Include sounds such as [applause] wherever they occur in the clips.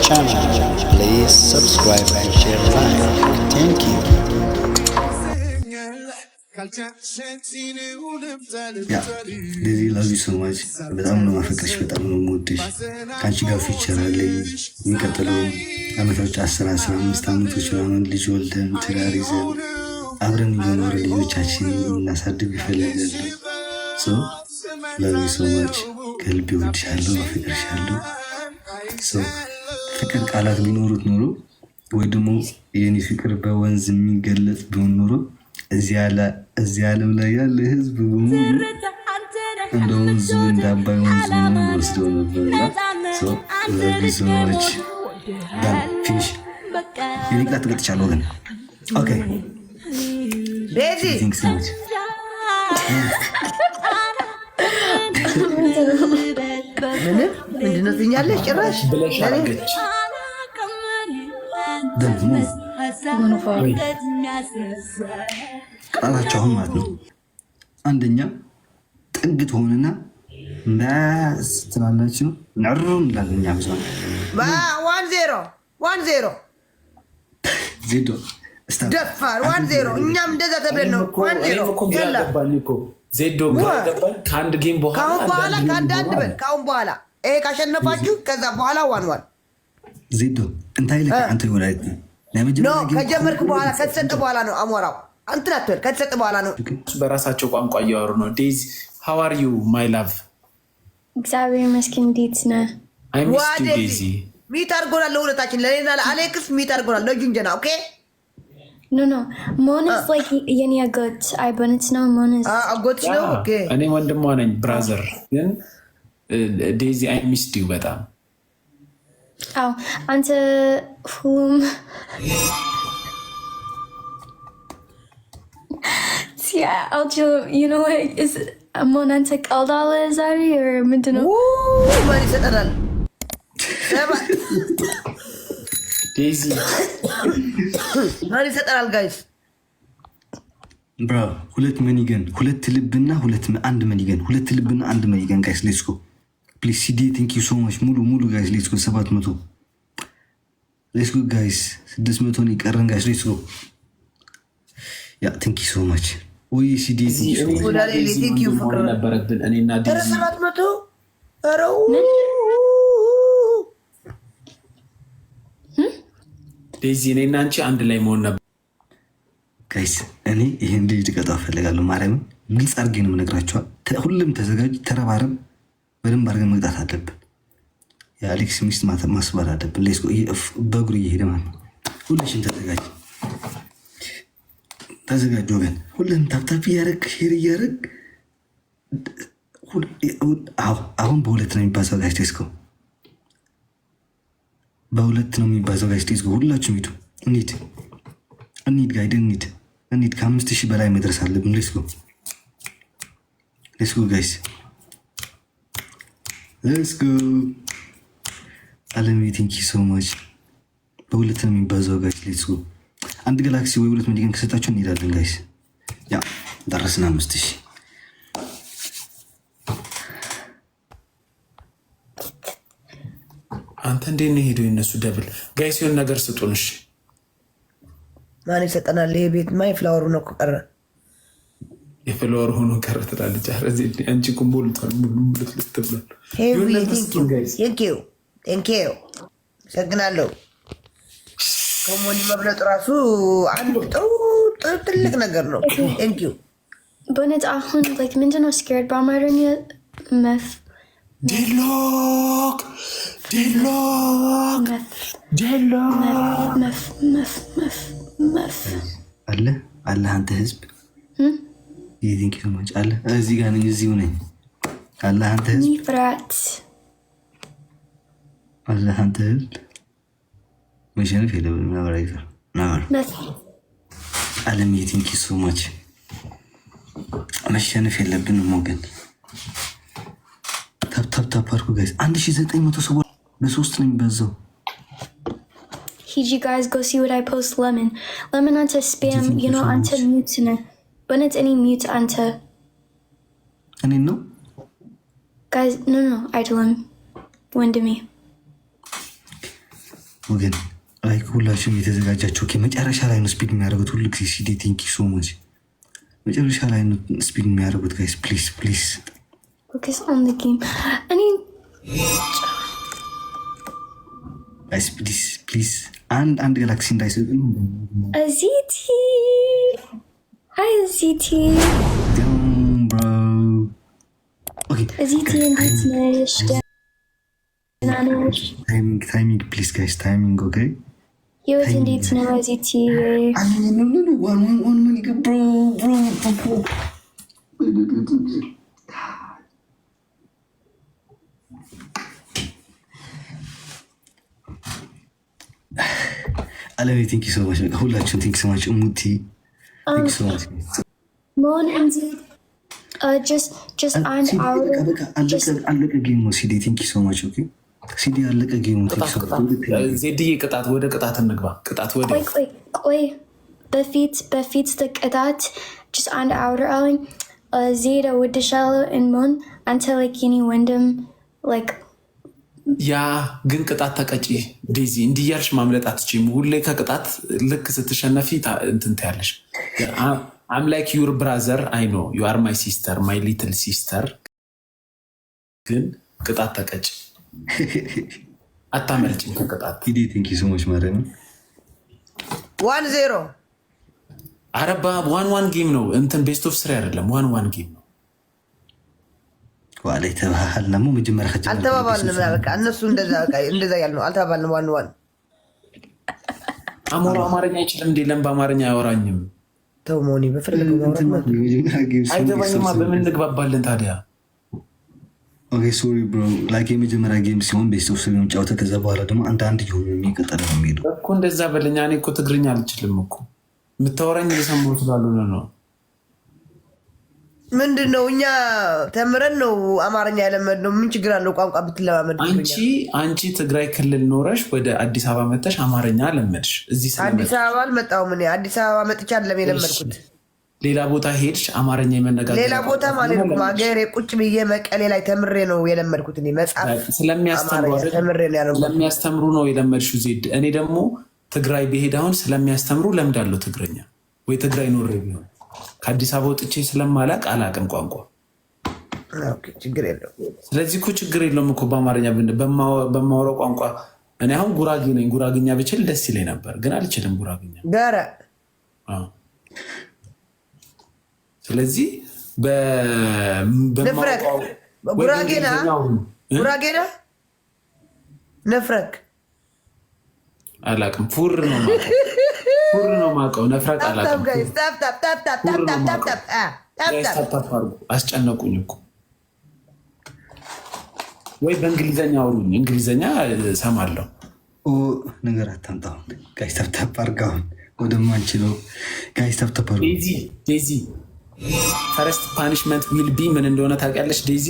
channel. Please subscribe and share like. Thank you. ያ ዴዚ ላቭ በጣም ነው ማፈቅርሽ፣ በጣም ነው የምወድሽ። ከአንቺ ጋር ፊቸር አለኝ። የሚቀጥለው ዓመቶች አስር አስራ አምስት ዓመቶች ምናምን ልጅ ወልደን ትዳር ይዘን አብረን እየኖረ ልጆቻችን እናሳድግ ይፈልጋለሁ። ሶ ላቭ ከልቤ ወድሻለሁ፣ አፈቅርሻለሁ። ፍቅር ቃላት ቢኖሩት ኖሮ ወይ ደግሞ የኔ ፍቅር በወንዝ የሚገለጽ ቢሆን ኖሮ እዚህ ዓለም ላይ ያለ ህዝብ በሙሉ እንደ ወንዙ እንደ አባይ ወንዙ ወስደው ነበርና ሰዎች ፊኒሽ የኔ ጥቅጥ ቻለ ወገን ኦኬ [laughs] ምንም ምንድን ነው ትኛለሽ? ጭራሽ ቃላቸው ቃላቸውን ማለት ነው። አንደኛ ጥግ ትሆንና መስ ትላላችሁ ነሩ እንዳለኛ ብዙ ዋን ዜሮ ዋን ዜሮ ዜዶ ደፋር ዋን ዜሮ እኛም እንደዛ ተብለን ነው ዋን ዜሮ ዜዶ ከአንድ ጌም በኋላ በኋላ ከአንድ አንድ በል ከአሁን በኋላ ይሄ ካሸነፋችሁ ከዛ በኋላ ዋን ዋን ዜዶ እንታይ ለ ወላይት ከጀመርክ በኋላ ከተሰጠ በኋላ ነው አሞራው አንትን አትበል ከተሰጠ በኋላ ነው። በራሳቸው ቋንቋ እያወሩ ነው። ዴዚ ሃው አር ዩ ማይ ላቭ እግዚአብሔር ይመስገን። እንዴት ነህ? ሚት አድርጎናል። ለሁለታችን ለእኔና ለአሌክስ ሚት አድርጎናል። ለጁንጀና ኦኬ No, no. Mon is uh, like yun yung agot. Ay, bonnets na mon is... Ah, agot na? Yeah. Okay. Ano yung wanda mo na brother? Yan? Uh, Daisy, I missed you, weta. Oh, unto whom... yeah, I'll chill. You know what? Is it... Mon unto Kaldala, is Or Mintano? Woo! Mari sa tanan. Daisy. [coughs] ማን ይሰጠናል ጋይስ? ብራ ሁለት መኒገን ሁለት ልብና ሁለት አንድ መኒገን ሁለት ልብና አንድ መኒገን ጋይስ ጎ ፕሊስ ሲዲ ቲንክ ዩ ሶ ማች ሙሉ ሙሉ ጋይስ ጎ ሰባት መቶ ጎ ጋይስ ስድስት መቶ ቀረን ጋይስ ጎ ያ ቲንክ ዩ ሶ ማች ወይ ሲዲ ነበረብን እኔና ሰባት መቶ ረው ዴዚ እኔና አንቺ አንድ ላይ መሆን ነበር። ጋይስ እኔ ይሄን ልጅ ልቀጣ እፈልጋለሁ። ማርያምን ግልጽ አድርጌ ነው ነግራቸዋል። ሁሉም ተዘጋጅ፣ ተረባረብ። በደንብ አድርገን መቅጣት አለብን። የአሌክስ ሚስት ማስባል አለብን። በእግሩ እየሄደ ማለት ነው። ሁለሽም ተዘጋጅ፣ ተዘጋጅ ወገን። ሁሉም ታፕታፕ እያደረግ ሄር እያደረግ አሁን በሁለት ነው የሚባሰው ጋይስ በሁለት ነው የሚባዛው። ጋይስ ሌትስ ሁላችሁም ሂዱ። እንሂድ እንሂድ፣ ጋይድ እንሂድ፣ እንሂድ። ከአምስት ሺህ በላይ መድረስ አለብን። ሌስጎ ሌስጎ ጋይስ ሌስጎ አለም አለሜ ቴንኪ ሶ ማች። በሁለት ነው የሚባዛው ጋይስ ሌስጎ አንድ ጋላክሲ ወይ ሁለት መዲገን ከሰጣችሁ እንሄዳለን ጋይስ። ያ ደረስን አምስት ሺህ እናንተ እንዴት ነው ሄደው የነሱ ደብል ጋይ ሲሆን ነገር ስጡን። እሺ ማን ይሰጠናል? ይሄ ቤት ማ የፍላወሩ ሆኖ ቀረ፣ የፍላወር ሆኖ ቀረ ትላለች። አንቺ ኩምቦልቷል ሰግናለሁ። ከሞኒ መብለጡ ራሱ አንድ ጥሩ ትልቅ ነገር ነው። ንዩ በእውነት አሁን ምንድነው ስኬርድ በአማርኛ መፍ ዲሎክ ዴሎክ ዴሎክ መፍ አለ አለ አንተ ህዝብ የዚንክ ተማጭ አለ እዚህ ጋር ነኝ፣ እዚሁ ነኝ። አለ አንተ ህዝብ ፍርሃት አለ አንተ ህዝብ መሸነፍ የለብንም ነበር አይታ ነበር አለም የቲንኪ ሶማች መሸነፍ የለብንም ወገን ታፕታፕታፕ አድርጉ ጋይስ አንድ ሺህ ዘጠኝ መቶ ሰው ለሶስት ነኝ በዛው ሂጂ ጋይዝ ጎ ሲ ወድ አይ ፖስት ለምን ለምን አንተ ስፓም ዩ ኖ አንተ ሚዩት ነህ በእውነት እኔ ሚዩት አንተ እኔን ነው ጋይዝ ኖ ኖ አይደለም ወንድሜ ወገን አይ ሁላችሁም የተዘጋጃቸው መጨረሻ ላይ ነው ስፒድ የሚያደርጉት ሁሉ ጊዜ ሲዲ ቴንኪ ሶ ማች መጨረሻ ላይ ነው ስፒድ የሚያደርጉት ጋይስ ፕሊስ ፕሊስ ፎከስ ኦን ጌም እኔ guys please please አንድ አንድ ጋላክሲ እንዳይሰጡ እዚቲ እዚቲ ታይሚንግ ፕሊዝ ጋይስ ታይሚንግ ኦኬ ህይወት እንዴት ነው እዚቲ ዋን ዋን ዋን ምን ይገብ ብሮ ብሮ አለቤ ቲንክ ሶማች ሁላችሁም ቲንክ ሶማች ሙቲ ቲንክ ሶማች መሆን እንዚ አለቀ ጌሙ ሲዲ ቲንክ ሶማች ኦኬ ሲዲ አለቀ ጌሙ ዜድዬ ቅጣት ወደ ቅጣት እንግባ ቅጣት ወደ ቆይ ቆይ በፊት በፊት ቅጣት ጅስ አንድ አውር አለኝ ዜድ እወድሻለሁ እንሞን አንተ ላይክ የኔ ወንድም ላይክ ያ ግን ቅጣት ተቀጪ ዴዚ እንዲያልሽ ማምለጥ አትችም። ሁሌ ከቅጣት ልክ ስትሸነፊ እንትን ትያለሽ። አም ላይክ ዩር ብራዘር አይ ኖ ዩ አር ማይ ሲስተር ማይ ሊትል ሲስተር። ግን ቅጣት ተቀጭ አታመልጭም ከቅጣት። ስሞች ማረ ዋን ዜሮ አረባ ዋን ዋን ጌም ነው እንትን ቤስት ኦፍ ስሪ አይደለም ዋን ዋን ጌም ነው ዋላ መጀመሪያ በቃ እነሱ እንደዛ እንደዛ ያልነው አልተባባልንም። ዋን ዋን አማርኛ አይችልም እንዴ? ለም በአማርኛ አያወራኝም። ተው መሆኔ በፈለገው አይገባኝማ። በምን እንግባባለን ታዲያ? ኦኬ ሶሪ ብሮ ላይክ የመጀመሪያ ጌም ሲሆን ቤተሰብ ስብ ጫውተ ከዛ በኋላ ደግሞ አንድ አንድ የሆኑ የሚቀጠለ ነው እኮ እንደዛ በለኛ። እኔ እኮ ትግርኛ አልችልም እኮ የምታወራኝ ስላልሆነ ነው ምንድን ነው እኛ ተምረን ነው አማርኛ ያለመድ ነው። ምን ችግር አለው ቋንቋ ብትለማመድ? አንቺ አንቺ ትግራይ ክልል ኖረሽ ወደ አዲስ አበባ መጥተሽ አማርኛ ለመድሽ። እዚህ አዲስ አበባ አልመጣሁም እኔ አዲስ አበባ መጥቼ አይደለም የለመድኩት። ሌላ ቦታ ሄድሽ አማርኛ የመነጋገር ሌላ ቦታ ማለት ነው። ሀገሬ ቁጭ ብዬ መቀሌ ላይ ተምሬ ነው የለመድኩት። እኔ መጽሐፍ ስለሚያስተምሩ ነው የለመድሽው ዜድ። እኔ ደግሞ ትግራይ ብሄድ አሁን ስለሚያስተምሩ ለምዳለሁ ትግረኛ ወይ ትግራይ ኖሬ ቢሆን ከአዲስ አበባ ወጥቼ ስለማላቅ አላቅም ቋንቋ። ስለዚህ እኮ ችግር የለውም እኮ በአማርኛ በማወራው ቋንቋ። እኔ አሁን ጉራጌ ነኝ። ጉራግኛ ብችል ደስ ይለኝ ነበር፣ ግን አልችልም ጉራግኛ። ስለዚህ ጉራጌና ነፍረክ አላቅም ፉር ነው ሁሉ ነው የማውቀው። ነፍረት አላውቅም። አስጨነቁኝ እኮ ወይ በእንግሊዘኛ አውሩኝ። እንግሊዘኛ ሰማለሁ። ነገር አታምጣ ጋሽ ተብተብ አርጋሁን ወደማንችለው ጋሽ ተብተብ አርጋ ዴዚ ፈረስት ፓኒሽመንት ዊል ቢ ምን እንደሆነ ታውቂያለሽ ዴዚ?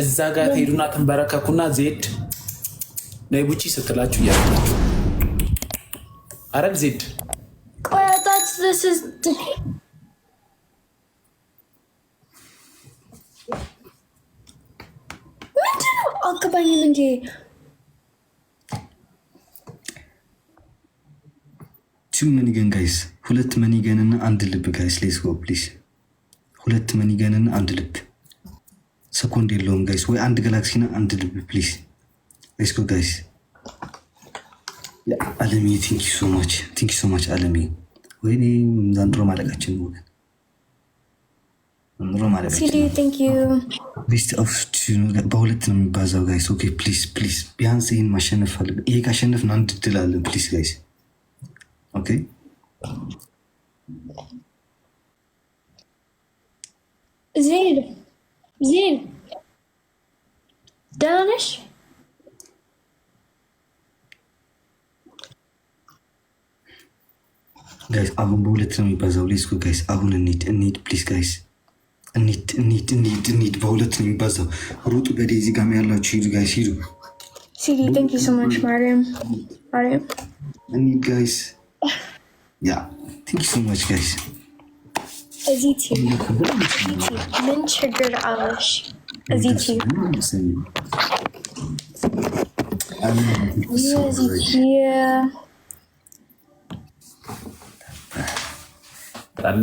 እዛ ጋር ትሄዱና ትንበረከኩና ዜድ ነይ ቡቺ ስትላችሁ እያላችሁ አረብ ዜድ ቆያታች ምንድነው? አገባኝም እንጂ ቱ መኒገን ጋይስ፣ ሁለት መኒገንና አንድ ልብ ጋይስ፣ ሌስ ጎ ፕሊስ። ሁለት መኒገንና አንድ ልብ ሰኮንድ የለውም ጋይስ፣ ወይ አንድ ጋላክሲና አንድ ልብ ፕሊስ፣ ሌስ ጎ ጋይስ አለሜ ቲንኪ ሶማች ቲንኪ ሶማች አለሜ። ወይኔ ዘንድሮ ማለቃችን ነው ወገን፣ ዘንድሮ ማለቃችን። በሁለት ነው የሚባዛው ጋይስ። ኦኬ ፕሊዝ ፕሊዝ፣ ቢያንስ ይህን ማሸነፍ አለ። ይሄ ካሸነፍ ነው አንድ ድል አለን። ፕሊዝ ጋይስ ኦኬ ዜል ዜል ደህና ነሽ? ጋይስ አሁን በሁለት ነው የሚባዛው። ሌስኩ ጋይስ አሁን እንሂድ እንሂድ፣ ፕሊዝ ጋይስ እንሂድ እንሂድ እንሂድ እንሂድ። በሁለት ነው የሚባዛው። ሩጡ በዴዚ ጋም ያላችሁ ሂዱ ጋይስ ሂዱ። ሲዲ ቴንክ ዩ ሶ ማች ማርያም ማርያም፣ እንሂድ ጋይስ። ያ ቴንክ ዩ ሶ ማች ጋይስ። እዚህ ምን ችግር አለሽ? እዚህ እዚህ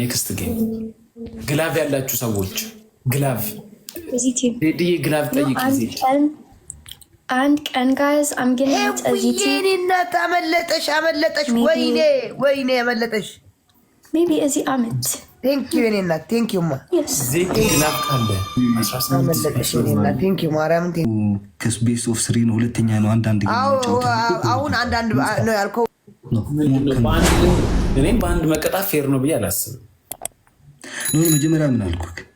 ኔክስት ጌም ግላቭ ያላችሁ ሰዎች ግላቭ ቴዲዬ ግላቭ ጠይቅ አንድ ቀን ጋዝ አምግነት እናት አመለጠሽ አመለጠሽ። ወይኔ ወይኔ አመለጠሽ። ሜቢ እዚህ አመት ቴንኪዩ የኔ እናት ማ ማርያም ቤስ ኦፍ ስሪ ሁለተኛ ነው። አንዳንድ አሁን አንዳንድ ነው ያልከው እኔም በአንድ መቀጣት ፌር ነው ብዬ አላስብም። መጀመሪያ ምን አልኩህ?